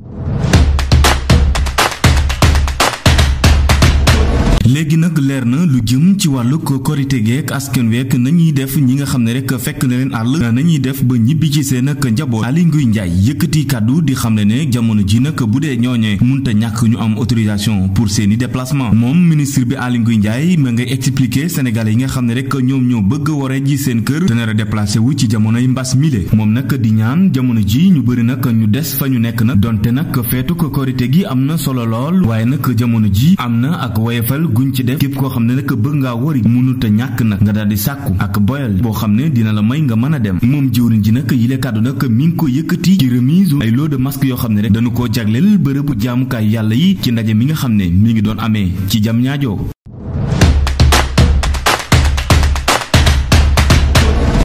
you léegi nag leer na lu jëm ci wàllu korite geek askan week nañuy def ñi nga xam ne rek fekk na leen àll nañuy def ba ñibbi ci seen ak njaboot Aly Ndiaye yëkkati kàddu di xam ne ne jamono ji nag bu dee ñooñee munta ñàkk am autorisation pour seeni déplacement moom ministre bi Aly Ngouille Ndiaye ma ngay expliquer yi nga xam ne rek ñoom ñoo bëgg ware ji seen kër te nar wu ci jamonoy mbas mile moom nag di ñaan jamono ji ñu bëri nag ñu des fa ñu nekk nag donte nag feetu ko korite gi am na solo lool waaye nag jamono ji am na ak woyefal guñ ci def képp koo xam ne nag bëgg nga wari mënut a ñàkk nag nga daal di sàkku ak boyal boo xam ne dina la may nga mën dem moom jëwriñ ji nag yile kàddu nag mi ngi ko yëkkati ci remise ay loo de masque yoo xam ne rek dañu koo jagleel bërëbu jaamukaay yàlla yi ci ndaje mi nga xam ne mu ngi doon amee ci jam ñaajoo